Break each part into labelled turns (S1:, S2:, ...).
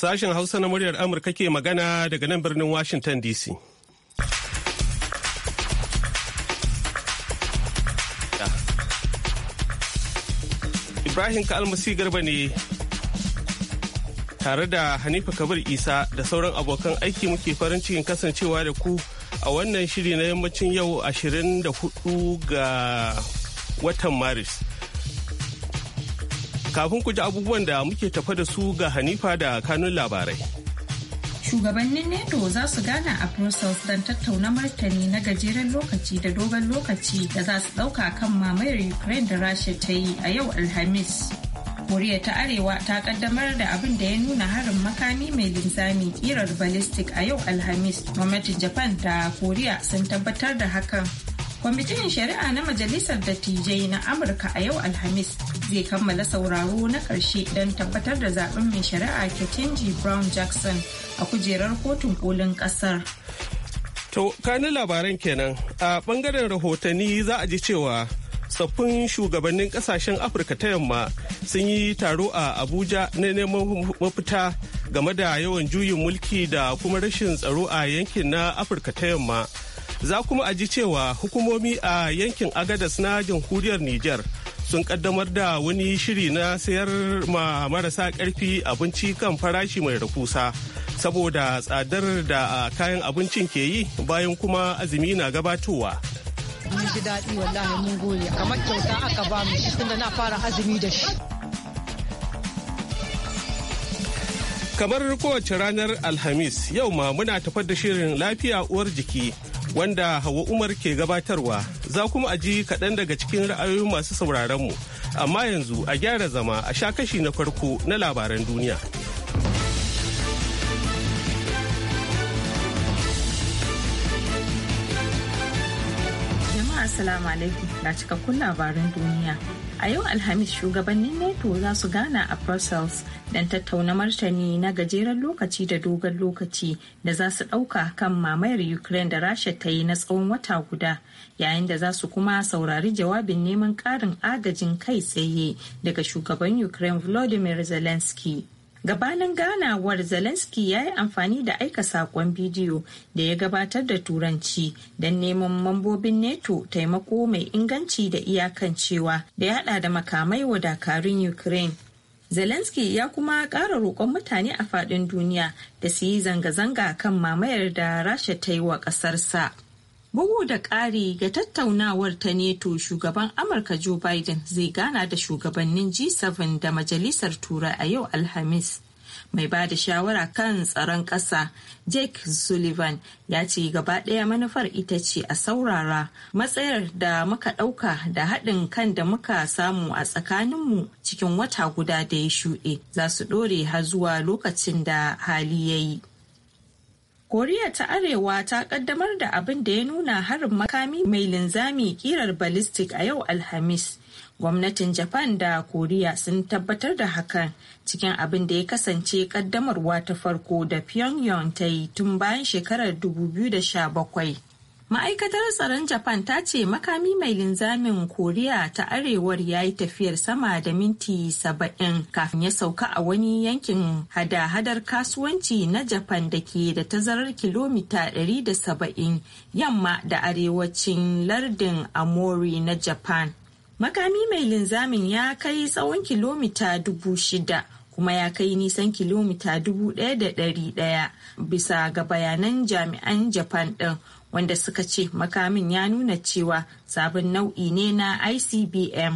S1: Sashen Hausa na muryar Amurka ke magana daga nan birnin Washington DC. Ibrahim Kalmasi Garba ne tare da Hanifa Kabir Isa da sauran abokan aiki muke farin cikin kasancewa da ku a wannan shiri na yammacin yau 24 ga watan Maris. Kafin ku ji abubuwan da muke tafa da su ga Hanifa da kanun labarai.
S2: Shugabannin NATO za su gana a Brussels don tattauna martani na gajeren lokaci da dogon lokaci da za su ɗauka kan mamayar Ukraine da Rasha ta yi a yau Alhamis. Koriya ta Arewa ta kaddamar da abin da ya nuna harin makami mai linzami kirar ballistic a yau Alhamis. Gwamnatin Japan da Koriya sun tabbatar da hakan. Kwamitin Shari'a na Majalisar Dattijai na Amurka a yau Alhamis zai kammala sauraro na karshe don tabbatar da zaben mai shari'a Ketinji Brown Jackson a kujerar kotun kolin ƙasar.
S1: To, kani labaran kenan a bangaren rahotanni za a ji cewa tsaffin shugabannin kasashen afirka ta yamma sun yi taro a abuja na neman mafita game da yawan juyin mulki da kuma rashin tsaro a yankin na afirka ta yamma za kuma a ji cewa hukumomi a yankin agadas na jamhuriyar niger sun kaddamar da wani shiri na sayar ma marasa karfi abinci kan farashi mai rahusa saboda tsadar da kayan abincin ke yi bayan kuma azumi na gabatowa.
S2: Mun ji daɗi wallahi mun gode kamar kyauta aka
S3: ba mu shi tunda na fara azumi da shi.
S1: Kamar kowace ranar Alhamis yau ma muna tafar da shirin lafiya uwar jiki wanda Hauwa Umar ke gabatarwa. za kuma a ji kaɗan daga cikin ra'ayoyin masu sauraronmu. Amma yanzu a gyara zama a sha kashi na farko na labaran duniya.
S2: Jama'a Assalamu alaikum na cikakkun labaran duniya. a yau alhamis shugabannin neto za su gana a brussels don tattauna martani na gajeren lokaci da dogon lokaci da za su ɗauka kan mamayar ukraine da rasha ta yi na tsawon wata guda yayin da za su kuma saurari jawabin neman ƙarin agajin kai tsaye daga shugaban ukraine volodymyr zelensky gabanin ganawar zelensky ya yi amfani da aika sakon bidiyo da ya gabatar da turanci don neman mambobin neto taimako mai inganci da iyakan cewa da ya hada da makamai wa dakarun ukraine zelensky ya kuma kara roƙon mutane a faɗin duniya da su yi zanga-zanga kan mamayar da rasha ta yi wa ƙasarsa. Bugu da ƙari ga tattaunawar ta neto shugaban Amurka Joe Biden zai gana da shugabannin G7 da Majalisar Turai a yau Alhamis. Mai ba da shawara kan tsaron ƙasa Jake Sullivan ya ce gaba ɗaya manufar ita ce a saurara matsayar da muka ɗauka da haɗin kan da muka samu a tsakaninmu cikin wata guda da ya shuɗe za su ɗore har zuwa lokacin da hali ya yi. koriya ta arewa ta kaddamar da abin da ya nuna harin makami mai linzami kirar ballistic a yau alhamis gwamnatin japan da koriya sun tabbatar da hakan cikin abin da ya kasance kaddamarwa ta farko da pyongyang ta yi tun bayan shekarar 2017 Ma'aikatar tsaron Japan ta ce makami mai linzamin Koriya ta arewar ya yi tafiyar sama da minti saba'in kafin ya sauka a wani yankin hada-hadar kasuwanci na Japan da ke da tazarar kilomita 170 yamma da arewacin lardin Amori na Japan. Makami mai linzamin ya kai tsawon kilomita dubu shida. kuma ya kai nisan kilomita 1,100 bisa ga bayanan jami'an japan ɗin wanda suka ce makamin ya nuna cewa sabon nau'i ne na icbm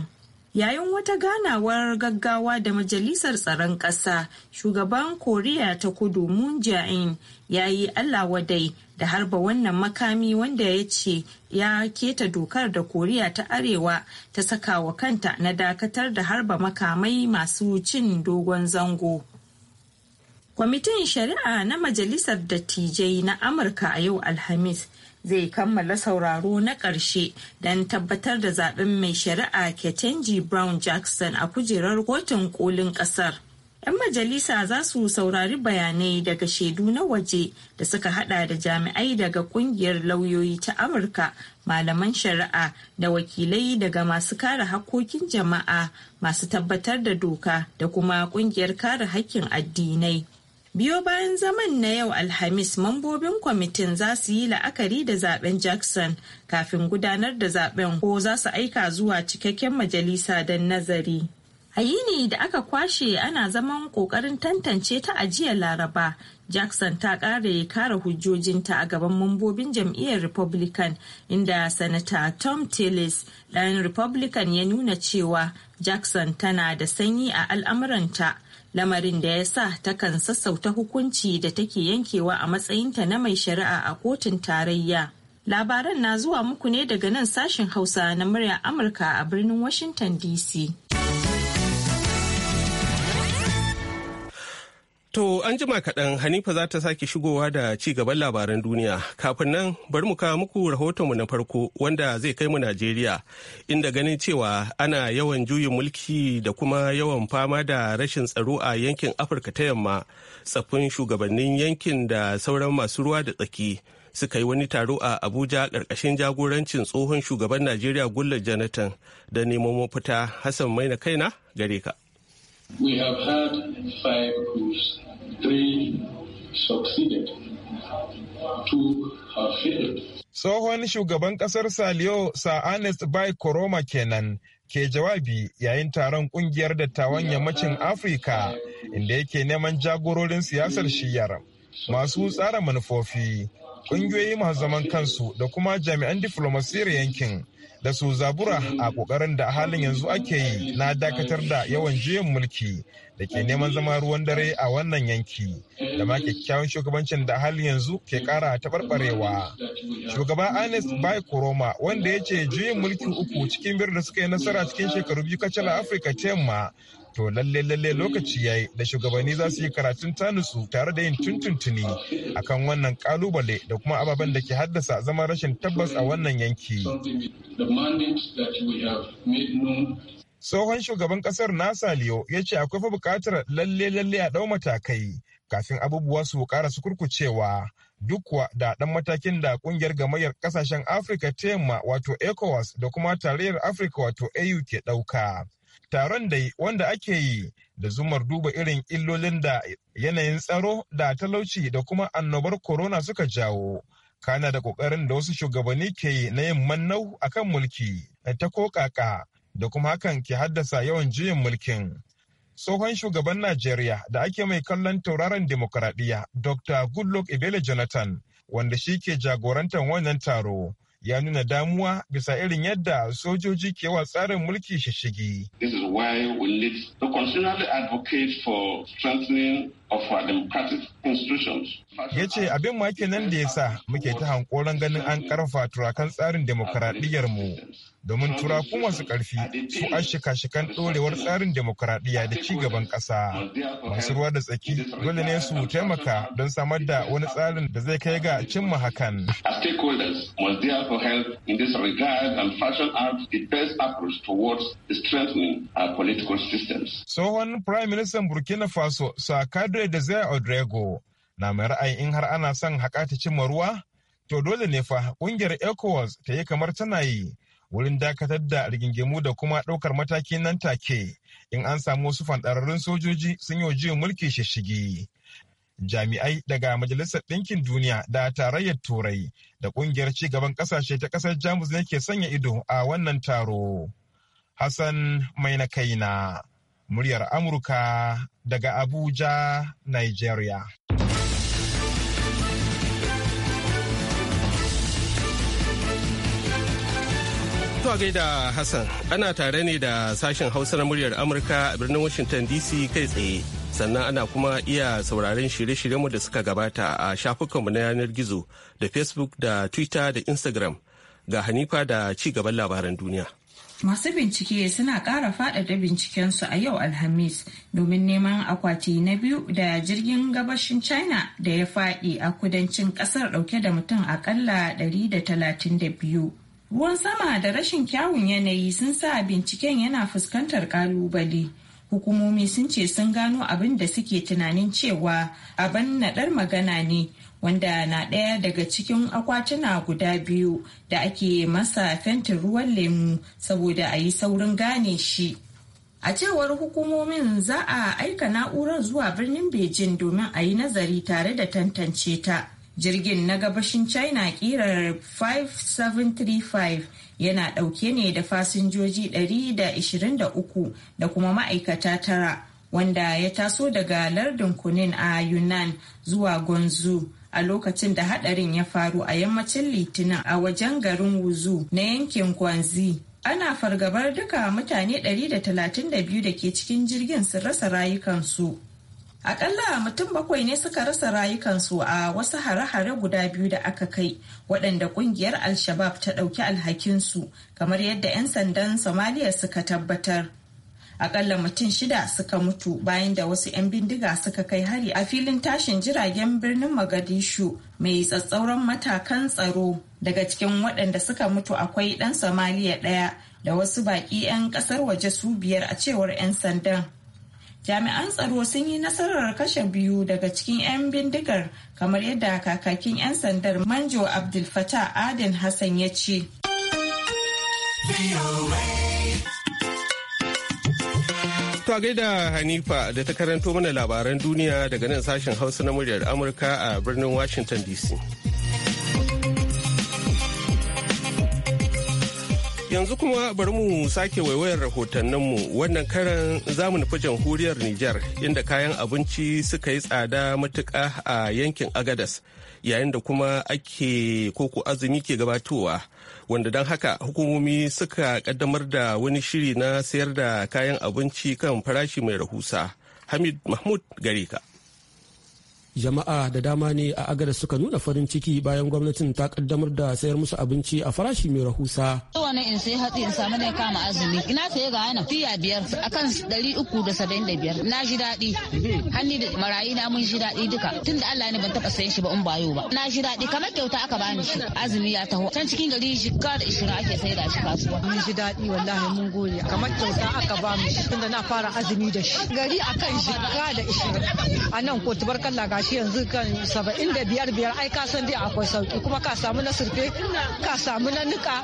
S2: yayin wata ganawar gaggawa da majalisar tsaron ƙasa shugaban koriya ta kudu moon jae-in ya yi wadai da harba wannan makami wanda ya ce ya keta dokar da koriya ta arewa ta saka wa kanta na dakatar da harba makamai masu cin dogon zango kwamitin shari'a na majalisar dattijai na amurka a yau alhamis zai kammala sauraro na ƙarshe don tabbatar da zaɓen mai shari'a ketanji brown jackson a kujerar kotun kolin ƙasar 'yan majalisa za su saurari bayanai daga shaidu na waje da suka hada da jami'ai daga kungiyar lauyoyi ta amurka malaman shari'a da wakilai daga masu kare hakkokin jama'a masu tabbatar da doka da kuma kungiyar kare hakkin addinai biyo bayan zaman na yau alhamis mambobin kwamitin za su yi la'akari da zaben jackson kafin gudanar da zaben ko za su aika zuwa cikakken majalisa don nazari hayini da aka kwashe ana zaman kokarin tantance ta ajiya laraba jackson ta kare kare hujjojinta a gaban mambobin jam'iyyar republican inda sanata tom tillis ɗan republican ya nuna cewa Jackson tana da sanyi a al'amuranta lamarin da ya sa takan sassauta hukunci da take yankewa a matsayinta na mai shari'a a kotun tarayya. Labaran na zuwa muku ne daga nan sashen Hausa na murya Amurka a birnin Washington DC.
S1: To an jima kaɗan Hanifa za ta sake shigowa da ci gaban labaran duniya. Kafin nan bari mu kawo muku rahotonmu na farko wanda zai kai mu Najeriya inda ganin cewa ana yawan juyin mulki da kuma yawan fama da rashin tsaro a yankin Afirka ta yamma tsaffin shugabannin yankin da sauran masu ruwa da tsaki. suka yi wani taro a abuja ƙarƙashin jagorancin tsohon shugaban najeriya gullar jonathan da neman mafita hassan maina kaina gare ka
S3: We have had five coups.
S4: Three succeeded. Two have failed.
S5: Tsohon shugaban kasar Saliyo Sa'anest Bai Koroma kenan ke jawabi yayin taron kungiyar dattawan yammacin Afirka inda yake neman jagororin siyasar shiyar masu tsara manufofi ƙungiyoyi masu zaman kansu da kuma jami'an diflomasiyar yankin da su zabura a kokarin da halin yanzu ake yi na dakatar da yawan juyin mulki da ke neman zama ruwan dare a wannan yanki da ma kyakkyawan shugabancin da halin yanzu ke kara taɓarɓarewa. Shugaba Anes Bai Koroma wanda ya ce juyin mulki uku cikin biyar da suka yi nasara cikin shekaru biyu kacal a Afirka ta yamma To lalle lalle mm. lokaci yayi da shugabanni za su yi karatun tanusu tare da yin tuntuntuni akan wannan kalubale da kuma ababen da ke haddasa zama rashin tabbas a wannan yanki. Tsohon shugaban kasar Nasa Liyo ya ce akwai fa bukatar lalle lalle a dau matakai kafin abubuwa su kara su kurkucewa duk kuwa da ɗan matakin da ƙungiyar gamayyar ƙasashen Afirka ta yamma wato ECOWAS da kuma tarayyar Afirka wato AU ke ɗauka. Taron da wanda ake yi da zumar duba irin illolin da yanayin tsaro da talauci da kuma annobar corona suka jawo. Kana da ƙoƙarin da wasu shugabanni ke yi na yin mannau a kan mulki ta kokaka da kuma hakan ke haddasa yawan juyin mulkin. Tsohon shugaban Najeriya da ake mai kallon tauraron demokuraɗiyya Dr. Goodluck Ibele Jonathan wanda shi ke jagorantar wannan taro ya nuna damuwa bisa irin yadda sojoji ke wa tsarin mulki shishigi. This is why we need
S1: to continually advocate for strengthening
S5: Ya ce abin ma nan da ya sa muke ta hankoron ganin an karfa turakan tsarin mu domin turaku masu ƙarfi su an shika-shikan ɗorewar tsarin demokuraɗiyya da ci gaban ƙasa. Masu ruwa da tsaki dole ne su taimaka don samar da wani tsarin da zai kai ga cimma hakan. Tsohon Prime Minister Burkina Faso Sakado Andre Desire Odrego na mai ra'ayi in har ana son haƙa ta cimma ruwa, to dole ne fa ƙungiyar ECOWAS ta yi kamar tana yi wurin dakatar da rigingimu da kuma ɗaukar mataki nan take in an samu wasu fanɗararrun sojoji sun yi juyin mulki shishigi. Jami'ai daga Majalisar Ɗinkin Duniya da Tarayyar Turai da Ƙungiyar Ci Gaban Ƙasashe ta ƙasar Jamus ne ke sanya ido a wannan taro. Hassan Mai kaina. muryar Amurka daga Abuja, Nigeria.
S1: Zuwa gaida Hassan, ana tare ne da sashen Hausa na muryar Amurka a birnin Washington DC kai tsaye. Sannan ana kuma iya sauraron shirye-shiryenmu da suka gabata a shafukanmu na yanar gizo da Facebook da Twitter da Instagram ga Hanifa da ci gaban labaran duniya.
S2: Masu bincike suna ƙara faɗaɗa bincikensu a yau Alhamis domin neman akwati na biyu da jirgin gabashin China da ya faɗi a kudancin ƙasar ɗauke da mutum aƙalla 132. Ruwan sama da rashin kyawun yanayi sun sa binciken yana fuskantar ƙalubale. Hukumomi sun ce sun gano abin da suke tunanin cewa abin naɗar magana ne. wanda na ɗaya daga cikin akwatuna guda biyu da ake masa fentin ruwan lemu saboda a yi saurin gane shi. A cewar hukumomin za a aika na'urar zuwa birnin Beijing domin a yi nazari tare da tantance ta. Jirgin na gabashin China kirar 5735 yana ɗauke ne da fasinjoji 123 da kuma ma'aikata tara wanda ya taso daga lardin Kunin a Yunnan zuwa Gonzu. a lokacin da hadarin ya faru a yammacin litinin a wajen garin wuzu na yankin kwanzi ana fargabar duka mutane 132 da ke cikin jirgin sun rasa rayukansu akalla mutum bakwai ne suka rasa rayukansu a wasu hare-hare guda biyu da aka kai waɗanda ƙungiyar al ta ɗauki alhakinsu kamar yadda 'yan sandan Somalia suka tabbatar akalla mutum shida suka mutu bayan da wasu 'yan bindiga suka kai hari a filin tashin jiragen birnin magadishu mai tsatsauran matakan tsaro daga cikin waɗanda suka mutu akwai ɗan Somalia ɗaya da wasu baƙi 'yan ƙasar waje su biyar a cewar 'yan sandan jami'an tsaro sun yi nasarar kashe biyu daga cikin 'yan bindigar kamar yadda kakakin 'yan sandar manjo abdulfata Adin hassan ya ce
S1: a gaida Hanifa da ta karanto mana labaran duniya daga nan sashen Hausa na muryar Amurka a birnin Washington DC. Yanzu kuma bari mu sake waiwayar rahotanninmu wannan karan zamu nufi jamhuriyar Nijar inda kayan abinci suka yi tsada matuka a yankin Agadas yayin da kuma ake koko azumi ke gabatowa. wanda don haka hukumomi suka kaddamar da wani shiri na sayar da kayan abinci kan farashi mai rahusa. Hamid Mahmud Gareka.
S4: jama'a da dama ne a agada suka nuna farin ciki bayan gwamnatin ta kaddamar da sayar musu abinci a farashi mai rahusa.
S2: Zuwa in sai hatsi in samu ne kama azumi. Ina saye ga yana fiya biyar akan ɗari uku da saba'in da biyar. Na ji daɗi. Hanni da marayi na mun ji
S3: daɗi duka. Tun da Allah ne ban taɓa sayan shi ba in ba yau ba. Na ji daɗi kamar kyauta aka bani shi. Azumi ya taho. Can cikin gari jikka da ishirin ake sai da shi kasuwa. Mun ji daɗi wallahi mun gode. Kamar kyauta
S2: aka ba mu shi da na fara azumi da shi. Gari akan jikka da ishirin. A nan ko tubarkalla shi yanzu kan saba'in da biyar biyar ai ka san dai akwai sauki kuma ka samu na surfe ka samu na nika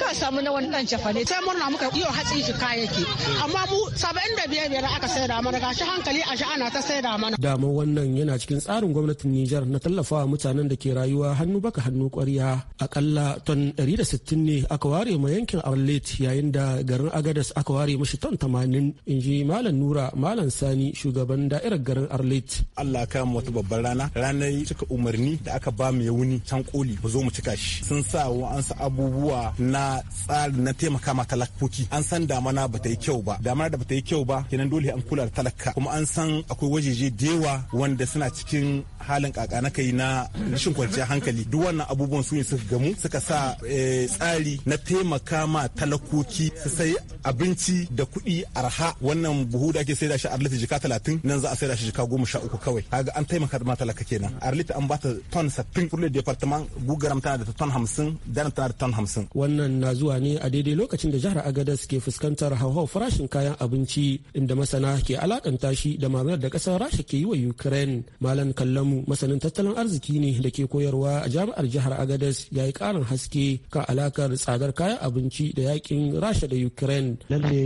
S2: ka samu na wani dan jafane sai murna muka iyo hatsi shi kayayyaki amma mu saba'in da biyar biyar aka da mana gashi hankali a sha'ana ta sai da mana. dama wannan
S4: yana cikin tsarin gwamnatin niger na tallafawa mutanen da ke rayuwa hannu baka hannu kwarya akalla ton 160 ne aka ware ma yankin Arlet yayin da garin Agadas aka ware mashi ton 80 inji Malam Nura Malam Sani shugaban da'irar garin Arlet. Allah
S5: ka wata Babban rana ranar cika umarni da aka ba mu ya wuni can koli
S4: ba zo mu cika shi sun
S5: sa wa'ansu abubuwa na tsari na taimaka ma talakoki an san damana ba ta yi kyau ba damana da ba ta yi kyau ba kenan dole an kula da talaka kuma an san akwai wajeje dewa wanda suna cikin halin kaka na kai na rashin kwanciyar hankali duk wannan abubuwan su ne suka gamu suka sa eh, tsari na taimaka ma talakoki su sai abinci da kuɗi arha wannan buhu da ake saida shi a jika talatin nan za a saida shi jika goma sha uku kawai kaga an muka ma talaka kenan A arlit an bata ton 60 kurle department gugaram tana da ton 50 daren tana da ton 50
S4: wannan na zuwa ne a daidai lokacin da jihar agadas ke fuskantar hauhau farashin kayan abinci inda masana ke alakanta shi da mamayar da kasar rasha ke yi wa ukraine malam kallamu masanin tattalin arziki ne da ke koyarwa a jami'ar jihar agadas ya yi karin haske kan alakar tsadar kayan abinci da yakin rasha da ukraine lalle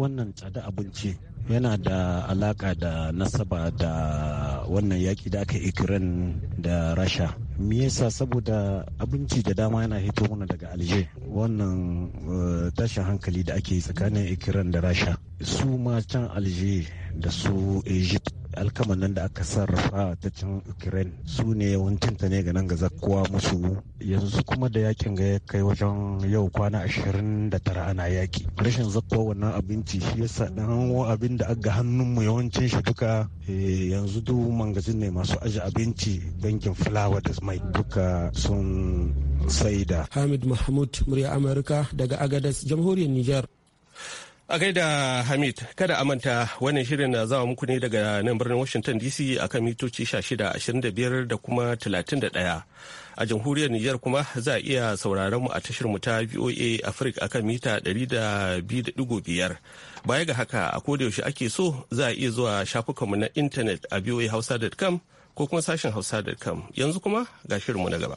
S4: wannan tsada abinci yana da alaka da nasaba da wannan yaki da aka ikiran da rasha me yasa saboda abinci da dama yana hito mana daga alger wannan eh, tashin hankali da ake tsakanin ikiran da rasha su ma can alger da su egypt alkaman nan da aka sarrafa ta can ukraine su ne yawancinta ne ga nan ga zakkuwa musu yanzu kuma da yakin ga ya kai wajen yau kwana ashirin ana yaki rashin zakkuwa wannan abinci shi yasa dan abin da aga hannunmu yawancin shi duka eh, yanzu duk mangazin ne masu aji abinci bankin fulawa da mai duka sun saida hamid mahmud murya amurka daga agadas jamhuriyar niger
S1: A gaida Hamid, kada a manta wannan shirin na zawa muku ne daga nan birnin Washington DC a kan mitoci 1625 da kuma 31. A jamhuriyar Nijar kuma za a iya sauraron mu a tashar mu ta VOA Africa akan mita 200.5. Baya ga haka a yaushe ake so za a iya zuwa shafukanmu na intanet a voahausa.com ko kuma sashen hausa.com. Yanzu kuma ga shirinmu na gaba.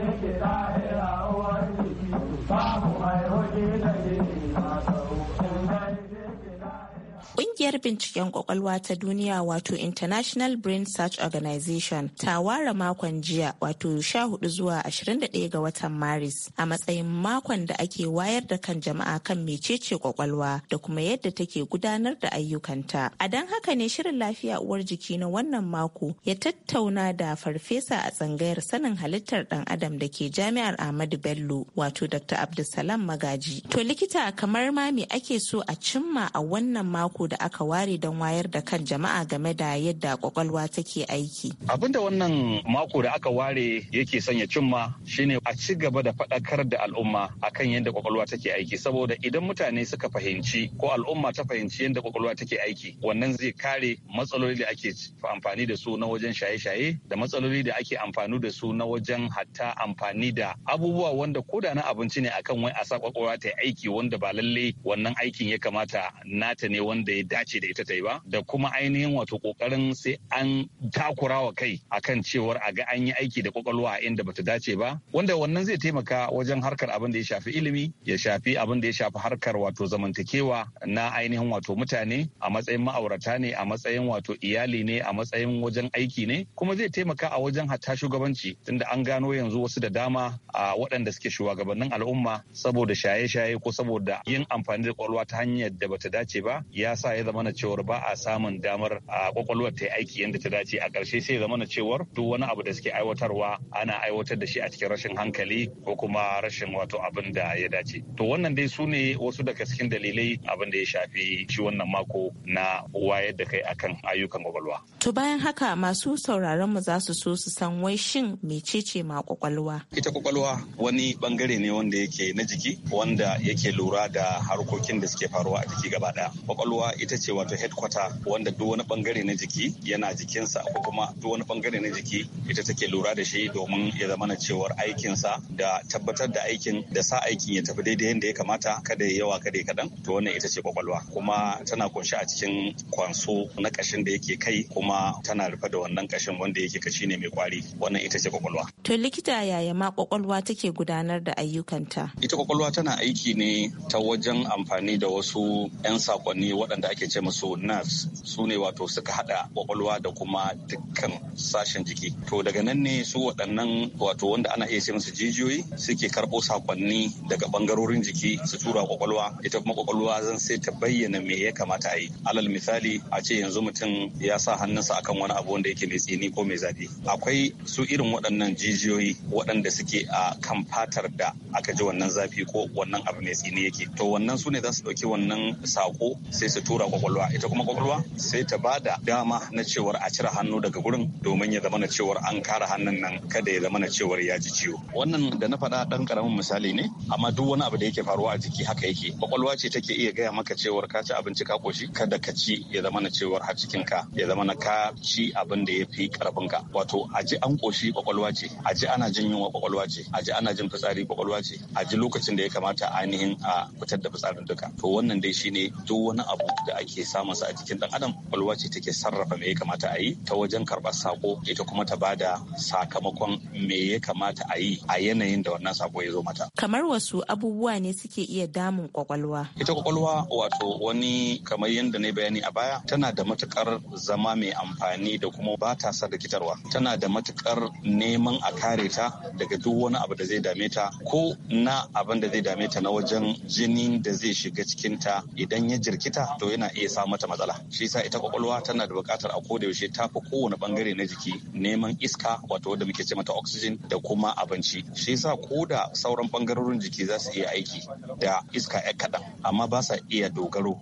S2: kungiyar binciken kwakwalwa ta duniya wato International Brain Search Organization ta ware makon jiya wato 14 zuwa 21 ga watan Maris a matsayin makon da ake wayar da kan jama'a kan mecece kwakwalwa da kuma yadda take gudanar da ayyukanta. A don haka ne shirin lafiya uwar jiki na wannan mako ya tattauna da farfesa a tsangayar sanin halittar ɗan adam da ke jami'ar Ahmadu Bello wato Dr. Abdulsalam Magaji. To likita kamar ma me ake so a cimma a wannan mako da aka aka ware don wayar da kan jama'a game da yadda kwakwalwa take aiki.
S6: Abinda wannan mako da aka ware yake sanya cimma shine a ci gaba da faɗakar da al'umma akan yadda kwakwalwa take aiki saboda idan mutane suka fahimci ko al'umma ta fahimci yadda kwakwalwa take aiki wannan zai kare matsaloli da ake amfani da su na wajen shaye-shaye da matsaloli da ake amfani da su na wajen hatta amfani da abubuwa wanda koda na abinci ne akan wai a sa kwakwalwa ta aiki wanda ba lallai wannan aikin ya kamata nata ne wanda ya dace da ita ta yi ba da kuma ainihin wato kokarin sai an takura wa kai akan cewar a ga an yi aiki da kwakwalwa a inda bata dace ba wanda wannan zai taimaka wajen harkar abin da ya shafi ilimi ya shafi abin da ya shafi harkar wato zamantakewa na ainihin wato mutane a matsayin ma'aurata ne a matsayin wato iyali ne a matsayin wajen aiki ne kuma zai taimaka a wajen hatta shugabanci tunda an gano yanzu wasu da dama a waɗanda suke shugabannin al'umma saboda shaye-shaye ko saboda yin amfani da kwakwalwa ta hanyar da bata dace ba ya sa ya zamana cewar ba a samun damar a kwakwalwar ta aiki yadda ta dace a ƙarshe sai zamana cewar duk wani abu da suke aiwatarwa ana aiwatar da shi a cikin rashin hankali ko kuma rashin wato abin da ya dace to wannan dai su ne wasu daga cikin dalilai abin da ya shafi shi wannan mako na wayar da kai akan ayyukan kwakwalwa
S2: to bayan haka masu sauraron mu za su so su san wai shin mecece ma kwakwalwa
S6: ita kwakwalwa wani bangare ne wanda yake na jiki wanda yake lura da harkokin da suke faruwa a jiki gaba daya kwakwalwa ita ita ce wato headquarter wanda duk wani bangare na jiki yana jikinsa ko kuma duk wani bangare na jiki ita take lura da shi domin ya zama na cewar aikinsa da tabbatar da aikin da sa aikin ya tafi daidai yadda ya kamata kada ya yawa kada ya kaɗan to wannan ita ce kwakwalwa kuma tana kunshi a cikin kwanso na kashin da yake kai kuma tana rufe da wannan kashin wanda yake kashi ne mai kwari wannan ita ce kwakwalwa.
S2: To likita yaya ma kwakwalwa take gudanar da ayyukanta?
S6: Ita kwakwalwa tana aiki ne ta wajen amfani da wasu 'yan sakonni waɗanda ake ake ce musu nerves su ne wato suka hada kwakwalwa da kuma dukkan sashen jiki to daga nan ne su waɗannan wato wanda ana iya ce musu jijiyoyi suke karɓo sakonni daga bangarorin jiki su tura kwakwalwa ita kuma kwakwalwa zan sai ta bayyana me ya kamata a yi alal misali a ce yanzu mutum ya sa hannunsa akan wani abu wanda yake mai tsini ko mai zafi akwai su irin waɗannan jijiyoyi waɗanda suke a kan fatar da aka ji wannan zafi ko wannan abu mai tsini yake to wannan su ne za su ɗauki wannan sako sai su tura kwakwalwa ita kuma kwakwalwa sai ta ba da dama na cewar a cire hannu daga gurin domin ya zama na cewar an kara hannun nan kada ya zama na cewar ya ji ciwo wannan da na faɗa ɗan ƙaramin misali ne amma duk wani abu da yake faruwa a jiki haka yake kwakwalwa ce take iya gaya maka cewar ka ci abinci ka koshi kada ka ci ya zama na cewar har cikin ka ya zama na ka ci abin da ya fi karfin ka wato a ji an koshi kwakwalwa ce a ji ana jin yunwa kwakwalwa ce a ji ana jin fitsari kwakwalwa ce a ji lokacin da ya kamata ainihin a fitar da fitsarin duka to wannan dai shine duk wani abu da ake samun sa a jikin dan adam kwalwa ce take sarrafa me ya kamata a yi ta wajen karɓar sako ita kuma ta bada sakamakon me ya kamata a yi a yanayin da wannan sako ya zo mata
S2: kamar wasu abubuwa ne suke iya damun kwakwalwa
S6: ita kwakwalwa wato wani kamar yadda na bayani a baya tana da matukar zama mai amfani da kuma ba ta sa rikitarwa. tana da matukar neman a kare ta daga duk wani abu da zai dame ta ko na abin da zai dame ta na wajen jinin da zai shiga cikin ta idan ya jirkita to yana iya sa mata matsala shi yasa ita kwakwalwa tana da buƙatar a koda yaushe ta fi kowane bangare na jiki neman iska wato wanda muke ce mata oxygen da kuma abinci shi yasa ko da sauran bangarorin jiki za su iya aiki da iska ya kaɗan amma ba sa iya dogaro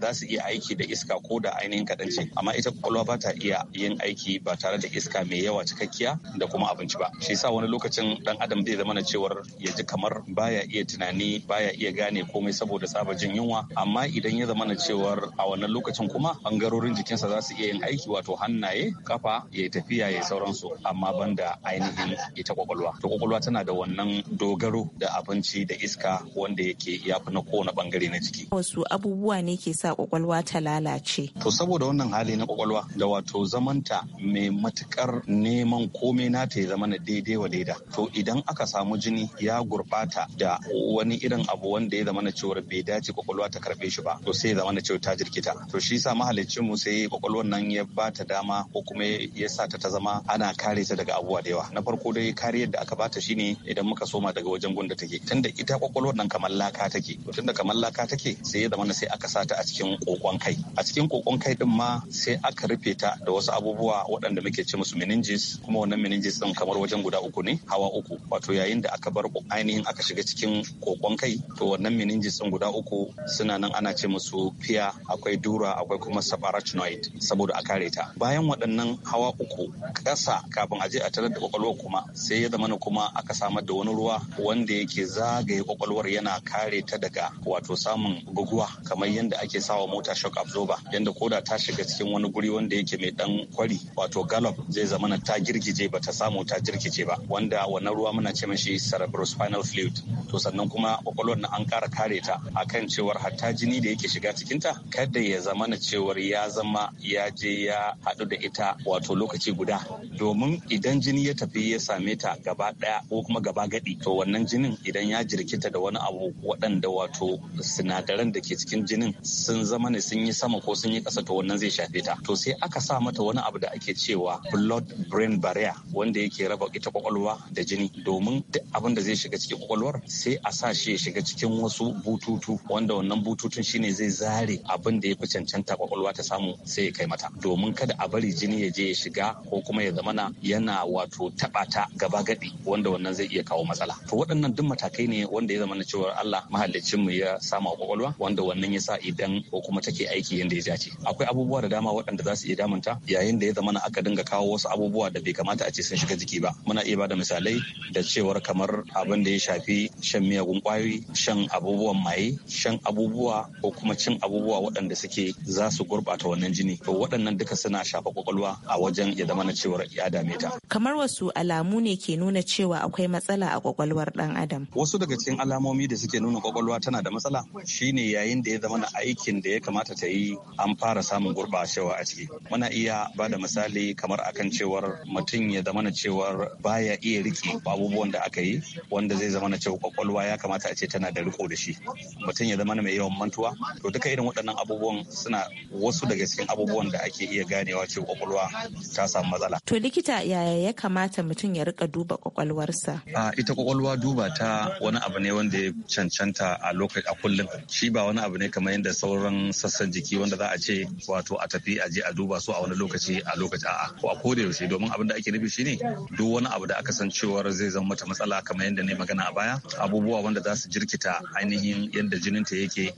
S6: za su iya aiki da iska ko da ainihin kaɗan ce amma ita kwakwalwa ba ta iya yin aiki ba tare da iska mai yawa cikakkiya da kuma abinci ba shi yasa wani lokacin dan adam zai zama na cewar ya ji kamar baya iya tunani baya iya gane komai saboda saba jin yunwa amma idan ya zama na cewa cewar a wannan lokacin kuma bangarorin jikinsa za su iya yin aiki wato hannaye kafa ya tafiya ya sauransu amma banda ainihin ita kwakwalwa to kwakwalwa tana da wannan dogaro da abinci da iska wanda yake ya fi na kowane bangare na jiki
S2: wasu abubuwa ne ke sa kwakwalwa ta lalace
S6: to saboda wannan hali na kwakwalwa da wato zamanta mai matukar neman komai na ta ya zama na daidai wa daida to idan aka samu jini ya gurbata da wani irin abu wanda ya zama na cewar bai dace kwakwalwa ta karbe shi ba to sai ya zama na kyau ta jirkita to shi sa mahalicin mu sai kwakwalwar nan ya ba ta dama ko kuma ya sa ta ta zama ana kare ta daga abubuwa da yawa na farko dai kariyar da aka bata shine idan muka soma daga wajen gunda take tunda ita kwakwalwar nan kamar laka take to tunda kamar laka take sai ya zama sai aka sa ta a cikin kokon kai a cikin kokon kai din ma sai aka rufe ta da wasu abubuwa waɗanda muke ce musu meninges kuma wannan meninges din kamar wajen guda uku ne hawa uku wato yayin da aka bar ainihin aka shiga cikin kokon kai to wannan meninges din guda uku suna nan ana ce musu fiya giya akwai dura akwai kuma saparachnoid. saboda a kare ta bayan waɗannan hawa uku ƙasa kafin a je a tarar da kwakwalwar kuma sai ya zamana kuma aka samar da wani ruwa wanda yake zagaye kwakwalwar yana kare ta daga wato samun guguwa kamar yadda ake sawa mota shock absorber yadda koda ta shiga cikin wani guri wanda yake mai dan kwari wato gallop zai zamana ta girgije ba ta samu ta jirkice ba wanda wannan ruwa muna ce mashi cerebrospinal fluid to sannan kuma kwakwalwar na an ƙara kare ta akan cewar hatta jini da yake shiga cikin ita kada ya zama na cewar ya zama ya je ya haɗu da ita wato lokaci guda domin idan jini ya tafi ya same ta gaba ɗaya ko kuma gaba gadi to wannan jinin idan ya jirkita da wani abu waɗanda wato sinadaran da ke cikin jinin sun zama ne sun yi sama ko sun yi ƙasa to wannan zai shafe ta to sai aka sa mata wani abu da ake cewa blood brain barrier wanda yake raba ita kwakwalwa da jini domin duk abin da zai shiga cikin kwakwalwar sai a sa shi ya shiga cikin wasu bututu wanda wannan bututun shine zai zare bari abin da ya fi cancanta kwakwalwa ta samu sai ya kai mata domin kada a bari jini ya je ya shiga ko kuma ya zamana yana wato taɓa ta gaba gadi wanda wannan zai iya kawo matsala to waɗannan duk matakai ne wanda ya zamana cewa Allah mahallicin mu ya sama kwakwalwa wanda wannan ya sa idan ko kuma take aiki yanda ya dace akwai abubuwa da dama waɗanda za su iya damunta yayin da ya zamana aka dinga kawo wasu abubuwa da bai kamata a ce sun shiga jiki ba muna iya bada misalai da cewar kamar abin da ya shafi shan miyagun kwayoyi shan abubuwan maye shan abubuwa ko kuma cin abubuwa abubuwa waɗanda suke za su gurɓata wannan jini to waɗannan duka suna shafa kwakwalwa a wajen ya zama na cewar ya dame ta
S2: kamar wasu alamu ne ke nuna cewa akwai matsala a kwakwalwar ɗan adam
S6: wasu daga cikin alamomi da suke nuna kwakwalwa tana da matsala shine yayin da ya zama na aikin da ya kamata ta yi an fara samun gurɓacewa a ciki muna iya ba da misali kamar akan cewar mutum ya zama na cewar baya iya rike abubuwan da aka yi wanda zai zama na cewa kwakwalwa ya kamata a ce tana da riko da shi mutum ya zama na mai yawan mantuwa to duka irin waɗannan abubuwan suna wasu daga cikin abubuwan da ake iya ganewa ce kwakwalwa ta samu matsala.
S2: To likita yaya ya kamata mutum ya rika duba kwakwalwarsa? A ita kwakwalwa duba
S6: ta wani abu ne wanda ya cancanta a lokaci a kullum. Shi ba wani abu ne kamar yadda sauran sassan jiki wanda za a ce wato a tafi a je a duba su a wani lokaci a lokaci a'a ko a koda yaushe domin abin da ake nufi shine duk wani abu da aka san cewar zai zama mata matsala kamar yadda ne magana a baya abubuwa wanda za su jirkita ainihin yadda jininta yake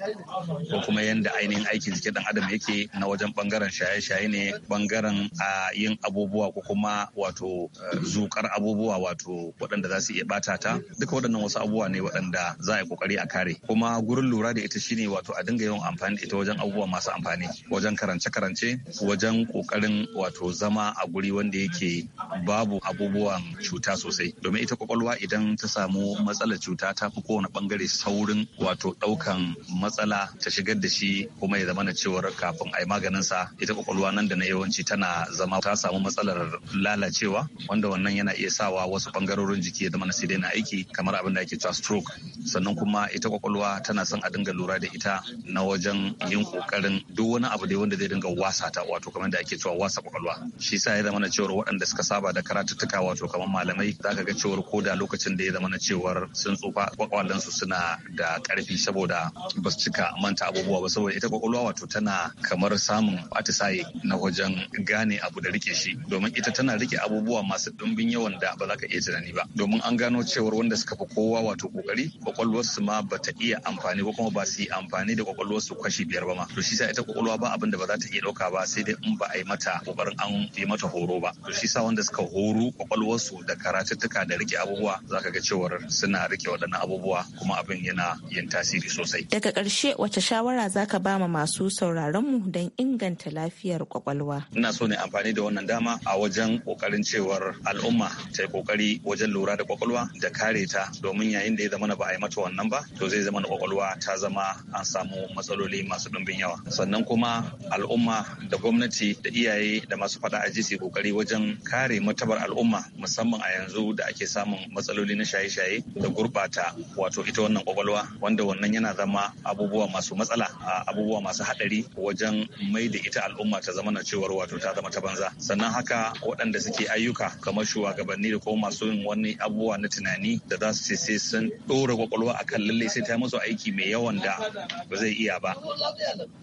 S6: ko kuma yadda Da ainihin aikin jikin dan adam yake na wajen bangaren shaye-shaye ne bangaren a yin abubuwa ko kuma wato eh, zukar abubuwa wato waɗanda za su iya bata ta duka waɗannan wasu abubuwa ne waɗanda za a yi kokari a kare kuma gurin lura da ita shine wato a dinga yawan amfani ita wajen abubuwa masu amfani wajen karance-karance wajen kokarin wato zama a guri wanda yake babu abubuwan cuta sosai domin ita kwakwalwa idan ta samu matsalar cuta ta fi kowane bangare saurin wato ɗaukan matsala ta shigar da shi kuma ya zama na cewar kafin a yi maganin sa ita kwakwalwa nan da na yawanci tana zama ta samu matsalar lalacewa wanda wannan yana iya sawa wasu bangarorin jiki ya zama na sai na aiki kamar abin da ake cewa stroke sannan kuma ita kwakwalwa tana son a dinga lura da ita na wajen yin kokarin duk wani abu da wanda zai dinga wasa ta wato kamar da ake cewa wasa kwakwalwa shi sa ya zama na cewar waɗanda suka saba da karatuttuka wato kamar malamai zaka ga cewar ko da lokacin da ya zama na cewar sun tsufa kwakwalwansu suna da ƙarfi saboda ba su cika manta abubuwa ba saboda ita kwakwalwa wato tana kamar samun atisaye na wajen gane abu da rike shi domin ita tana rike abubuwa masu dumbin yawan da ba za ka iya tunani ba domin an gano cewar wanda suka fi kowa wato kokari kwakwalwarsu ma ba ta iya amfani ko kuma ba su yi amfani da kwakwalwarsu kashi biyar ba ma to shi sa ita kwakwalwa ba abin da ba za ta iya ɗauka ba sai dai in ba a yi mata kokarin an yi mata horo ba to shi sa wanda suka horo kwakwalwarsu da karatuttuka da rike abubuwa za ka ga cewar suna rike waɗannan abubuwa kuma abin yana yin tasiri sosai
S2: daga ƙarshe wace shawara za aka ma masu sauraronmu don inganta lafiyar kwakwalwa.
S6: Ina so ne amfani da wannan dama a wajen kokarin cewar al'umma ta yi kokari wajen lura da kwakwalwa da kare ta domin yayin da ya zama ba a yi mata wannan ba to zai zama kwakwalwa ta zama an samu matsaloli masu ɗumbin yawa. Sannan kuma al'umma da gwamnati da iyaye da masu faɗa a jisi kokari wajen kare matabar al'umma musamman a yanzu da ake samun matsaloli na shaye-shaye da gurɓata wato ita wannan kwakwalwa wanda wannan yana zama abubuwa masu matsala a abubuwa masu haɗari wajen mai da ita al'umma ta zama na cewar wato ta zama ta banza sannan haka waɗanda suke ayyuka kamar shugabanni da kuma masu yin wani abubuwa na tunani da za su ce sai sun ɗora kwakwalwa akan lallai sai ta musu aiki mai yawan da ba zai iya ba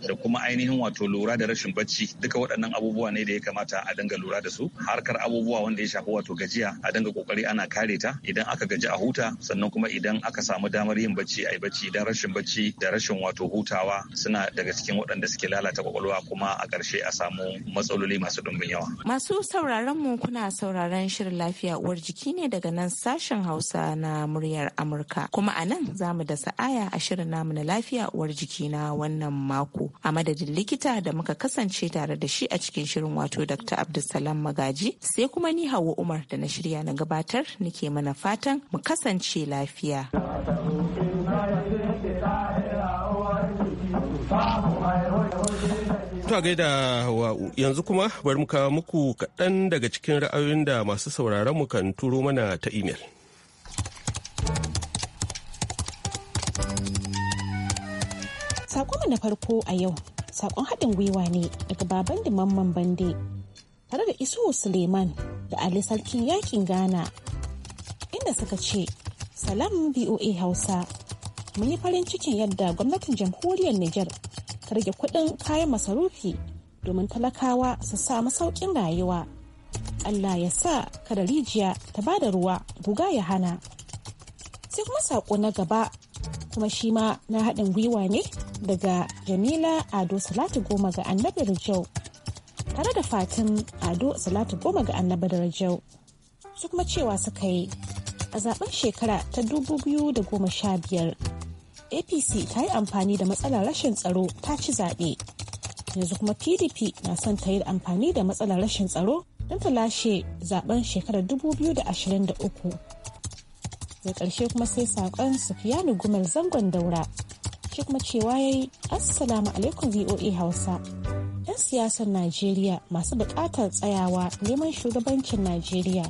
S6: da kuma ainihin wato lura da rashin bacci duka waɗannan abubuwa ne da ya kamata a dinga lura da su harkar abubuwa wanda ya shafi wato gajiya a dinga kokari ana kare ta idan aka gaji a huta sannan kuma idan aka samu damar yin bacci a yi bacci idan rashin bacci da rashin wato hutawa suna daga cikin waɗanda suke lalata kwakwalwa kuma a ƙarshe a samu matsaloli masu ɗumbin yawa.
S2: Masu sauraron mu kuna sauraron shirin lafiya uwar jiki ne daga nan sashen Hausa na muryar Amurka. Kuma a nan za mu da sa'aya a shirin namu na lafiya uwar jiki na wannan mako. A madadin likita da muka kasance tare da shi a cikin shirin wato Dr. Abdulsalam Magaji sai kuma ni Hauwa Umar da na shirya na gabatar nake mana fatan mu kasance lafiya.
S1: gai gaida wa yanzu kuma bari mu kawo muku kaɗan daga cikin ra'ayoyin da masu sauraron mu kan turo mana ta imel.
S3: Sakon na farko a yau, sakon haɗin gwiwa ne daga baban da mamman bande tare da Isuhu Suleiman da Ali Sarkin yakin Ghana inda suka ce, Salam BOA Hausa, mun yi farin cikin yadda gwamnatin jamhuriyar Nijar ta rage kuɗin kayan masarufi domin talakawa su samu sauƙin rayuwa. Allah ya sa kada rijiya ta da ruwa guga ya hana. Sai kuma saƙo na gaba kuma shi ma na haɗin gwiwa ne daga Jamila Ado Salatu Goma ga Annabi Rijau tare da Fatin Ado Salatu Goma ga Annabi Rijau. Su kuma cewa suka yi a zaɓen shekara ta 2015 apc ta yi amfani da matsalar rashin tsaro ta ci zaɓe yanzu kuma pdp na son ta yi amfani da matsalar rashin tsaro don ta lashe zaben shekarar 2023 da ƙarshe kuma sai saƙon sufiyanu gumar zangon daura shi kuma cewa ya yi assalamu alaikum voa hausa 'yan siyasar najeriya masu buƙatar tsayawa neman shugabancin najeriya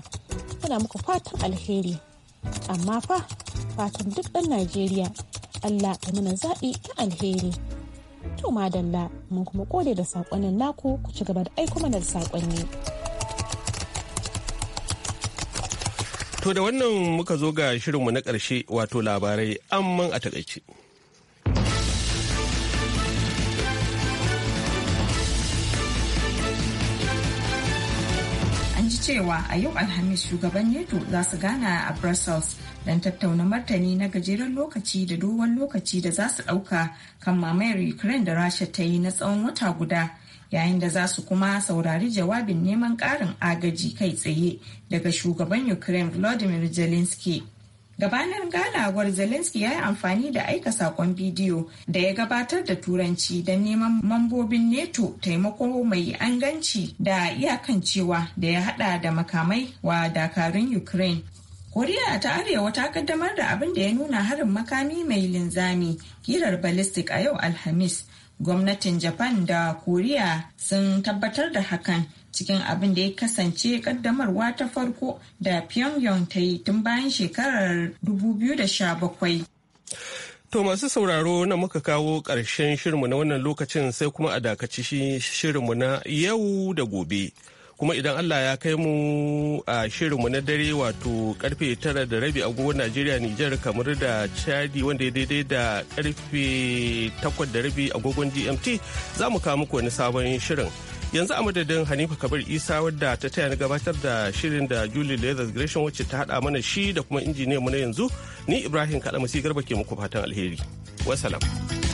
S3: muna muku fatan alheri amma fa fatan duk ɗan najeriya Allah da mana zaɓi ta alheri. To madalla mun kuma kode da saƙonin naku ku ci gaba da aiko mana da saƙonni.
S1: To da wannan muka zo ga shirinmu na ƙarshe wato labarai amman a taƙaice.
S2: cewa a yau alhamis shugaban neto za su gana a brussels don tattauna martani na gajeren lokaci da dogon lokaci da za su ɗauka kan mamayar ukraine da rasha ta yi na tsawon wata guda yayin da za su kuma saurari jawabin neman ƙarin agaji kai tsaye daga shugaban ukraine vladimir zelensky gabanin ganawar zelensky ya yi amfani da aika sakon bidiyo da ya gabatar da turanci don neman mambobin neto taimako mai anganci da iyakan cewa da ya hada da makamai wa dakarun ukraine koriya ta arewa ta kaddamar da abin da ya nuna harin makami mai linzami hirar ballistic a yau alhamis gwamnatin japan da koriya sun tabbatar da hakan cikin abin da ya kasance kaddamarwa ta farko da pyongyang ta yi tun bayan shekarar 2017 To masu sauraro
S1: na muka kawo ƙarshen shirinmu na wannan lokacin sai kuma a dakaci shirinmu na yau da gobe. Kuma idan Allah ya kai mu a shirinmu na dare wato karfe tara da rabi agogo Najeriya Nijar kamar da Chadi wanda ya daidai da karfe takwas da rabi agogon GMT za mu kawo muku wani sabon shirin. yanzu a madadin hanifa kabir isa wadda ta taya ni gabatar da shirin da julie leather gresham wacce ta hada mana shi da kuma injiniyan mu na yanzu ni ibrahim kalamasi garba ke muku fatan alheri wasalam.